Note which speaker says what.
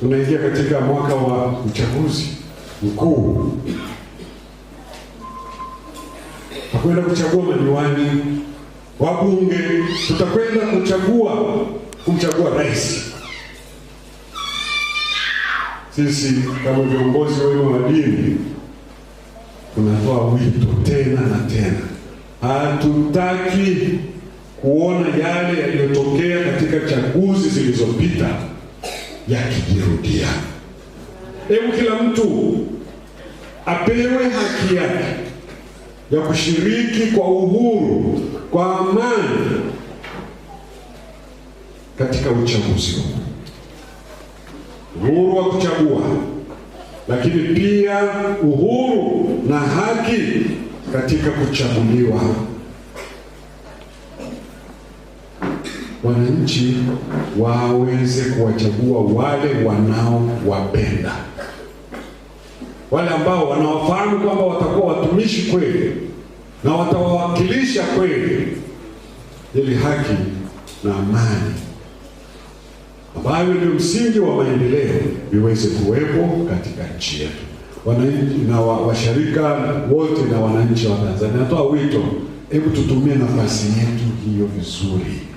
Speaker 1: Tunaingia katika mwaka wa uchaguzi mkuu, tutakwenda kuchagua madiwani, wabunge, tutakwenda kuchagua kumchagua rais. Sisi kama viongozi wenu wa dini tunatoa wito tena na tena, hatutaki kuona yale yaliyotokea katika chaguzi zilizopita yakijirudia. Hebu kila mtu apewe haki yake ya kushiriki kwa uhuru, kwa amani katika uchaguzi huu, uhuru wa kuchagua, lakini pia uhuru na haki katika kuchaguliwa. wananchi waweze kuwachagua wale wanaowapenda, wale ambao wanawafahamu kwamba watakuwa watumishi kweli na watawawakilisha kweli, ili haki na amani ambayo ndio msingi wa maendeleo viweze kuwepo katika nchi yetu. Wananchi na washirika wote na wananchi wa Tanzania, natoa wito, hebu tutumie nafasi yetu hiyo vizuri.